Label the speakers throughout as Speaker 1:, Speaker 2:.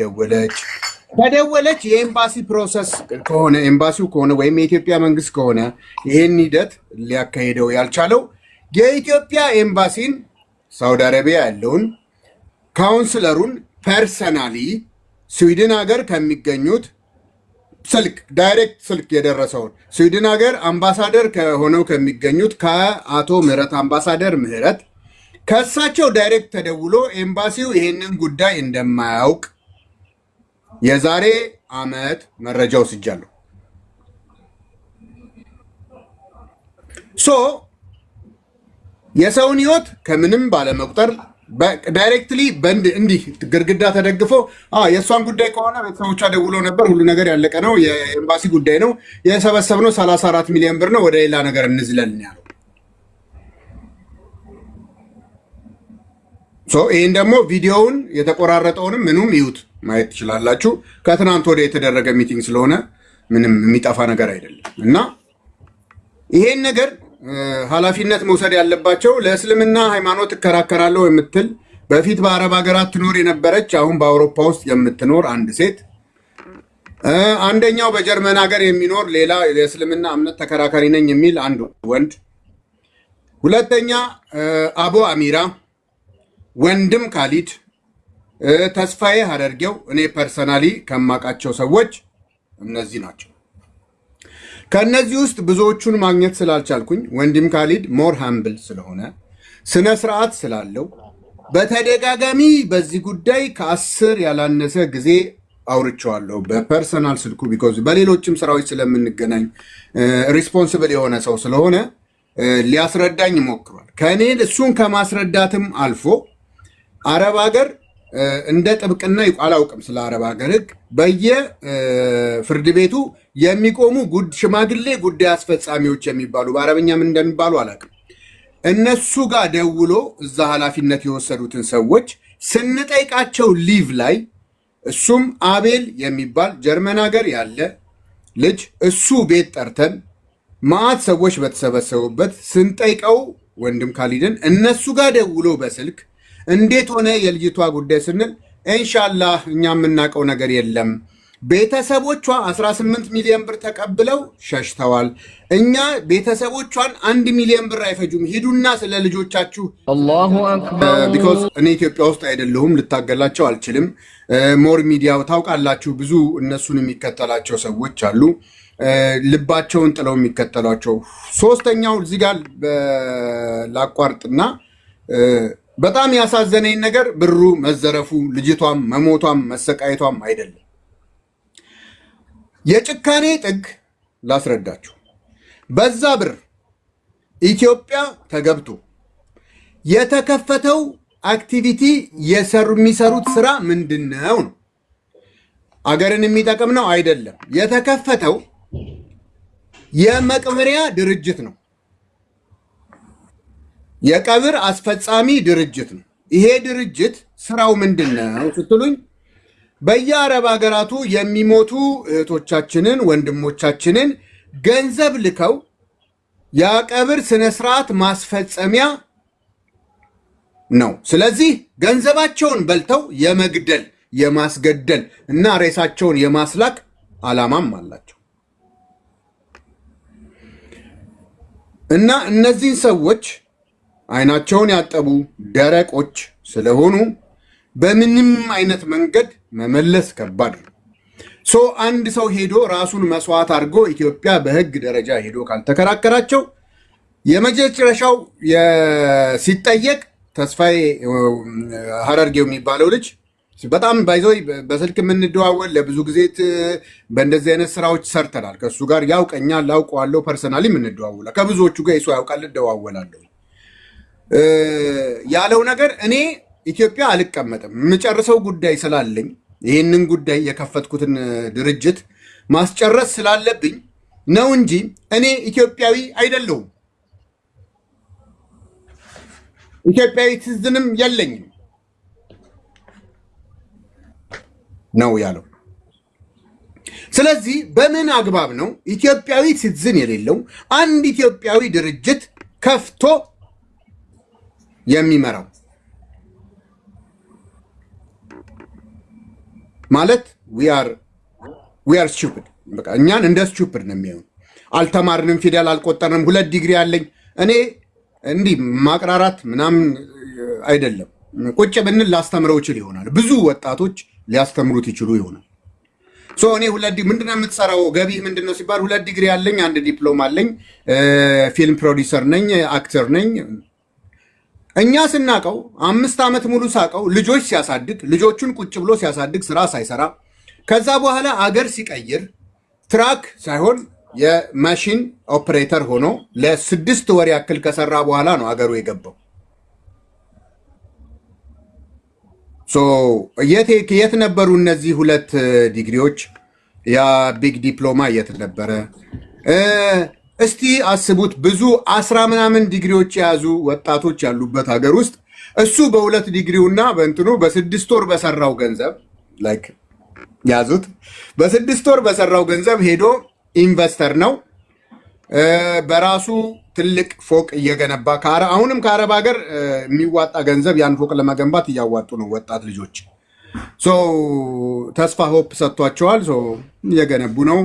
Speaker 1: ደወለች ከደወለች የኤምባሲ ፕሮሰስ ከሆነ ኤምባሲው ከሆነ ወይም የኢትዮጵያ መንግስት ከሆነ ይህን ሂደት ሊያካሄደው ያልቻለው የኢትዮጵያ ኤምባሲን ሳውዲ አረቢያ ያለውን ካውንስለሩን ፐርሰናሊ ስዊድን ሀገር ከሚገኙት ስልክ ዳይሬክት ስልክ የደረሰውን ስዊድን ሀገር አምባሳደር ከሆነው ከሚገኙት ከአቶ ምህረት አምባሳደር ምህረት ከእሳቸው ዳይሬክት ተደውሎ ኤምባሲው ይህንን ጉዳይ እንደማያውቅ የዛሬ አመት መረጃ ወስጃለሁ። ሶ የሰውን ህይወት ከምንም ባለመቁጠር ዳይሬክትሊ እንዲህ ግርግዳ ተደግፎ የእሷን ጉዳይ ከሆነ ቤተሰቦቿ ደውሎ ነበር። ሁሉ ነገር ያለቀ ነው፣ የኤምባሲ ጉዳይ ነው፣ የሰበሰብነው 34 ሚሊዮን ብር ነው፣ ወደ ሌላ ነገር እንዝለልን ያለው ይህን ደግሞ ቪዲዮውን የተቆራረጠውንም ምኑም ይዩት ማየት ትችላላችሁ። ከትናንት ወደ የተደረገ ሚቲንግ ስለሆነ ምንም የሚጠፋ ነገር አይደለም እና ይሄን ነገር ኃላፊነት መውሰድ ያለባቸው ለእስልምና ሃይማኖት እከራከራለሁ የምትል በፊት በአረብ ሀገራት ትኖር የነበረች አሁን በአውሮፓ ውስጥ የምትኖር አንድ ሴት፣ አንደኛው በጀርመን ሀገር የሚኖር ሌላ የእስልምና እምነት ተከራካሪ ነኝ የሚል አንድ ወንድ፣ ሁለተኛ አቡ አሚራ ወንድም ካሊድ ተስፋዬ አደርጌው እኔ ፐርሰናሊ ከማውቃቸው ሰዎች እነዚህ ናቸው። ከእነዚህ ውስጥ ብዙዎቹን ማግኘት ስላልቻልኩኝ ወንድም ካሊድ ሞር ሃምብል ስለሆነ ስነ ስርዓት ስላለው በተደጋጋሚ በዚህ ጉዳይ ከአስር ያላነሰ ጊዜ አውርቸዋለሁ በፐርሰናል ስልኩ ቢኮዝ በሌሎችም ስራዎች ስለምንገናኝ ሪስፖንስብል የሆነ ሰው ስለሆነ ሊያስረዳኝ ሞክሯል። ከእኔ እሱን ከማስረዳትም አልፎ አረብ ሀገር እንደ ጥብቅና አላውቅም። ስለ አረብ ሀገር ህግ በየፍርድ ቤቱ የሚቆሙ ሽማግሌ ጉዳይ አስፈጻሚዎች የሚባሉ በአረበኛም እንደሚባሉ አላውቅም። እነሱ ጋር ደውሎ እዛ ኃላፊነት የወሰዱትን ሰዎች ስንጠይቃቸው ሊቭ ላይ እሱም አቤል የሚባል ጀርመን ሀገር ያለ ልጅ እሱ ቤት ጠርተን ማአት ሰዎች በተሰበሰቡበት ስንጠይቀው ወንድም ካሊድን እነሱ ጋር ደውሎ በስልክ እንዴት ሆነ የልጅቷ ጉዳይ ስንል ኢንሻላህ እኛ የምናውቀው ነገር የለም። ቤተሰቦቿ 18 ሚሊዮን ብር ተቀብለው ሸሽተዋል። እኛ ቤተሰቦቿን አንድ ሚሊዮን ብር አይፈጁም። ሂዱና ስለ ልጆቻችሁ አላሁ አክበር። ቢኮዝ እኔ ኢትዮጵያ ውስጥ አይደለሁም፣ ልታገላቸው አልችልም። ሞር ሚዲያው ታውቃላችሁ፣ ብዙ እነሱን የሚከተላቸው ሰዎች አሉ፣ ልባቸውን ጥለው የሚከተሏቸው። ሶስተኛው እዚህ ጋር ላቋርጥና በጣም ያሳዘነኝ ነገር ብሩ መዘረፉ፣ ልጅቷም መሞቷም መሰቃየቷም አይደለም። የጭካኔ ጥግ ላስረዳችሁ። በዛ ብር ኢትዮጵያ ተገብቶ የተከፈተው አክቲቪቲ የሚሰሩት ስራ ምንድን ነው ነው? አገርን የሚጠቅም ነው አይደለም። የተከፈተው የመቅበሪያ ድርጅት ነው። የቀብር አስፈጻሚ ድርጅት ነው። ይሄ ድርጅት ስራው ምንድን ነው ስትሉኝ በየአረብ ሀገራቱ የሚሞቱ እህቶቻችንን ወንድሞቻችንን ገንዘብ ልከው የቀብር ስነስርዓት ማስፈጸሚያ ነው። ስለዚህ ገንዘባቸውን በልተው የመግደል የማስገደል እና ሬሳቸውን የማስላክ አላማም አላቸው እና እነዚህን ሰዎች አይናቸውን ያጠቡ ደረቆች ስለሆኑ በምንም አይነት መንገድ መመለስ ከባድ ነው። ሶ አንድ ሰው ሄዶ ራሱን መስዋዕት አድርጎ ኢትዮጵያ በህግ ደረጃ ሄዶ ካልተከራከራቸው የመጨረሻው ሲጠየቅ ተስፋዬ ሀረርጌው የሚባለው ልጅ በጣም ባይዘይ በስልክ የምንደዋወል ለብዙ ጊዜ በእንደዚህ አይነት ስራዎች ሰርተናል። ከእሱ ጋር ያውቀኛል፣ ላውቀዋለሁ። ፐርሰናሊ የምንደዋወላ ከብዙዎቹ ጋር የሱ ያውቃል፣ እደዋወላለሁ ያለው ነገር እኔ ኢትዮጵያ አልቀመጥም የምጨርሰው ጉዳይ ስላለኝ ይህንን ጉዳይ የከፈትኩትን ድርጅት ማስጨረስ ስላለብኝ ነው እንጂ እኔ ኢትዮጵያዊ አይደለሁም። ኢትዮጵያዊ ትዝንም የለኝም ነው ያለው። ስለዚህ በምን አግባብ ነው ኢትዮጵያዊ ሲዝን የሌለው አንድ ኢትዮጵያዊ ድርጅት ከፍቶ የሚመራው ማለት ዊ አር እኛን እንደ ስቱፒድ ነው የሚሆኑ። አልተማርንም፣ ፊደል አልቆጠርንም፣ ሁለት ዲግሪ አለኝ እኔ እንዲህ ማቅራራት ምናምን አይደለም። ቁጭ ብንል ላስተምረው ይችል ይሆናል። ብዙ ወጣቶች ሊያስተምሩት ይችሉ ይሆናል። እኔ ሁለት የምትሰራው ገቢህ ምንድነው ሲባል ሁለት ዲግሪ አለኝ፣ አንድ ዲፕሎማ አለኝ፣ ፊልም ፕሮዲሰር ነኝ፣ አክተር ነኝ እኛ ስናቀው አምስት ዓመት ሙሉ ሳቀው ልጆች ሲያሳድግ ልጆቹን ቁጭ ብሎ ሲያሳድግ ስራ ሳይሰራ ከዛ በኋላ አገር ሲቀይር ትራክ ሳይሆን የማሽን ኦፕሬተር ሆኖ ለስድስት ወር ያክል ከሰራ በኋላ ነው አገሩ የገባው። የት ነበሩ እነዚህ ሁለት ዲግሪዎች? ያ ቢግ ዲፕሎማ የት ነበረ? እስቲ አስቡት ብዙ አስራ ምናምን ዲግሪዎች የያዙ ወጣቶች ያሉበት ሀገር ውስጥ እሱ በሁለት ዲግሪውና በእንትኑ በስድስት ወር በሰራው ገንዘብ ላይክ ያዙት በስድስት ወር በሰራው ገንዘብ ሄዶ ኢንቨስተር ነው በራሱ ትልቅ ፎቅ እየገነባ አሁንም ከአረብ ሀገር የሚዋጣ ገንዘብ ያን ፎቅ ለመገንባት እያዋጡ ነው ወጣት ልጆች። ተስፋ ሆፕ ሰጥቷቸዋል። እየገነቡ ነው።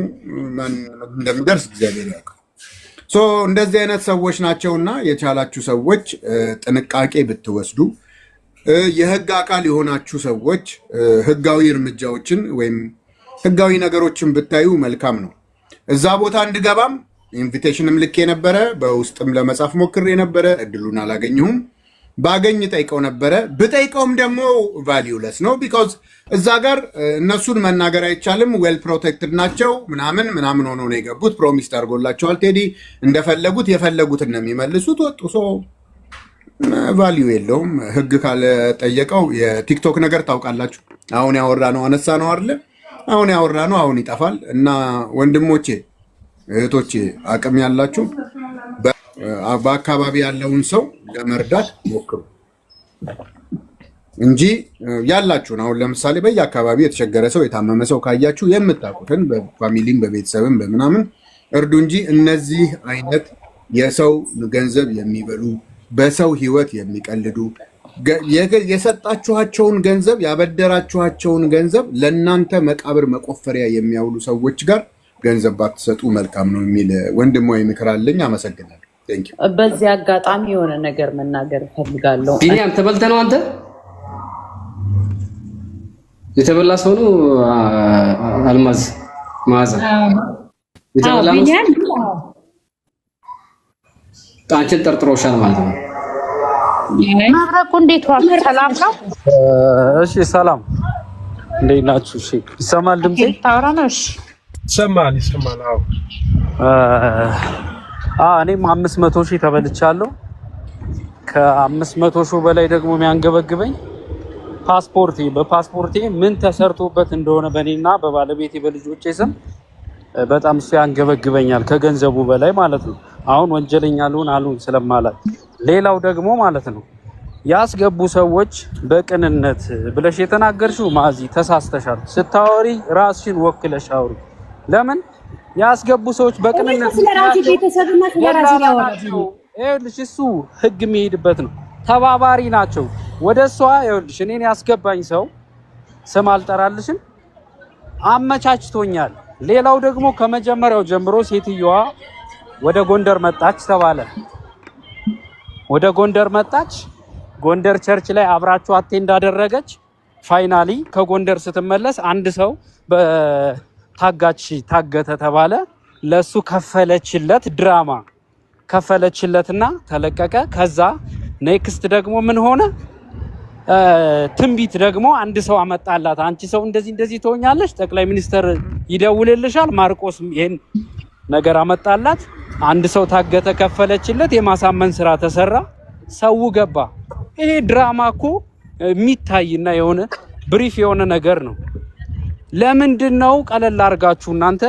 Speaker 1: እንደሚደርስ እግዚአብሔር ያውቃል። እንደዚህ አይነት ሰዎች ናቸውና የቻላችሁ ሰዎች ጥንቃቄ ብትወስዱ የህግ አካል የሆናችሁ ሰዎች ህጋዊ እርምጃዎችን ወይም ህጋዊ ነገሮችን ብታዩ መልካም ነው። እዛ ቦታ እንድገባም ኢንቪቴሽንም ልኬ ነበረ፣ በውስጥም ለመጻፍ ሞክሬ ነበረ፣ እድሉን አላገኘሁም። ባገኝ ጠይቀው ነበረ። ብጠይቀውም ደግሞ ቫሊዩለስ ነው ቢኮዝ እዛ ጋር እነሱን መናገር አይቻልም። ዌል ፕሮቴክትድ ናቸው ምናምን ምናምን ሆኖ ነው የገቡት። ፕሮሚስ ታርጎላቸዋል። ቴዲ እንደፈለጉት የፈለጉትን ነው የሚመልሱት። ወጡ ሰው ቫሊዩ የለውም። ህግ ካለጠየቀው የቲክቶክ ነገር ታውቃላችሁ። አሁን ያወራ ነው አነሳ ነው አለ አሁን ያወራ ነው አሁን ይጠፋል። እና ወንድሞቼ እህቶቼ አቅም ያላችሁ በአካባቢ ያለውን ሰው ለመርዳት ሞክሩ እንጂ ያላችሁን አሁን ለምሳሌ በየአካባቢው የተቸገረ ሰው የታመመ ሰው ካያችሁ የምታውቁትን በፋሚሊም በቤተሰብም በምናምን እርዱ እንጂ እነዚህ አይነት የሰው ገንዘብ የሚበሉ በሰው ህይወት የሚቀልዱ የሰጣችኋቸውን ገንዘብ ያበደራችኋቸውን ገንዘብ ለእናንተ መቃብር መቆፈሪያ የሚያውሉ ሰዎች ጋር ገንዘብ ባትሰጡ መልካም ነው የሚል ወንድሞ ምክር አለኝ። አመሰግናለሁ። በዚህ አጋጣሚ የሆነ ነገር መናገር እፈልጋለሁ። ቢኒያም ተበልተህ ነው አንተ የተበላ ሰው ነው። አልማዝ መዓዛ አንቺን ጠርጥሮሻል ማለት ነው። መብረቁ እንዴት ሰላም ነው? እሺ፣ ሰላም እንዴት ናችሁ? እሺ፣ ይሰማል ድምጽ? ታውራ ነው? እሺ፣ ይሰማል፣ ይሰማል። አዎ እኔም አምስት መቶ ሺህ ተበልቻለሁ። ከአምስት መቶ ሺህ በላይ ደግሞ የሚያንገበግበኝ ፓስፖርቴ በፓስፖርቴ ምን ተሰርቶበት እንደሆነ በእኔና በባለቤቴ በልጆቼ ስም በጣም እሱ ያንገበግበኛል፣ ከገንዘቡ በላይ ማለት ነው። አሁን ወንጀለኛ ልሁን አሉን ስለማላት፣ ሌላው ደግሞ ማለት ነው ያስገቡ ሰዎች በቅንነት ብለሽ የተናገርሽው ማዚ ተሳስተሻል። ስታወሪ ራስሽን ወክለሽ አውሪ። ለምን ያስገቡ ሰዎች በቅንነት ስለራሴ ቤተሰብና ስለራሴ ያወራው ይኸውልሽ፣ እሱ ህግ የሚሄድበት ነው። ተባባሪ ናቸው። ወደ እሷ ይኸውልሽ፣ እኔን ያስገባኝ ሰው ስም አልጠራልሽም፣ አመቻችቶኛል። ሌላው ደግሞ ከመጀመሪያው ጀምሮ ሴትዮዋ ወደ ጎንደር መጣች ተባለ። ወደ ጎንደር መጣች። ጎንደር ቸርች ላይ አብራችሁ አቴ እንዳደረገች ፋይናሊ ከጎንደር ስትመለስ አንድ ሰው ታጋች ታገተ ተባለ። ለሱ ከፈለችለት ድራማ ከፈለችለትና ተለቀቀ። ከዛ ኔክስት ደግሞ ምን ሆነ? ትንቢት ደግሞ አንድ ሰው አመጣላት። አንቺ ሰው እንደዚህ እንደዚህ ትሆኛለሽ፣ ጠቅላይ ሚኒስትር ይደውልልሻል። ማርቆስ ይሄን ነገር አመጣላት። አንድ ሰው ታገተ፣ ከፈለችለት። የማሳመን ስራ ተሰራ፣ ሰው ገባ። ይሄ ድራማ እኮ የሚታይና የሆነ ብሪፍ የሆነ ነገር ነው። ለምንድን ነው ቀለል አድርጋችሁ እናንተ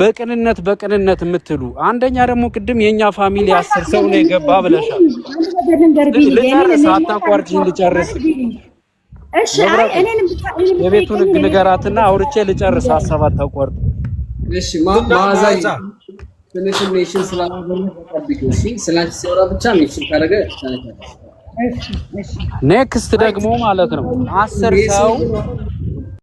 Speaker 1: በቅንነት በቅንነት የምትሉ? አንደኛ ደግሞ ቅድም የእኛ ፋሚሊ አስር ሰው ነው የገባ ብለሻል። ልጨርስ፣ አታቋርጪኝ፣ ልጨርስ። የቤቱን ህግ ንገራትና አውርቼ ልጨርስ፣ ሀሳብ ኔክስት ደግሞ ማለት ነው አስር ሰው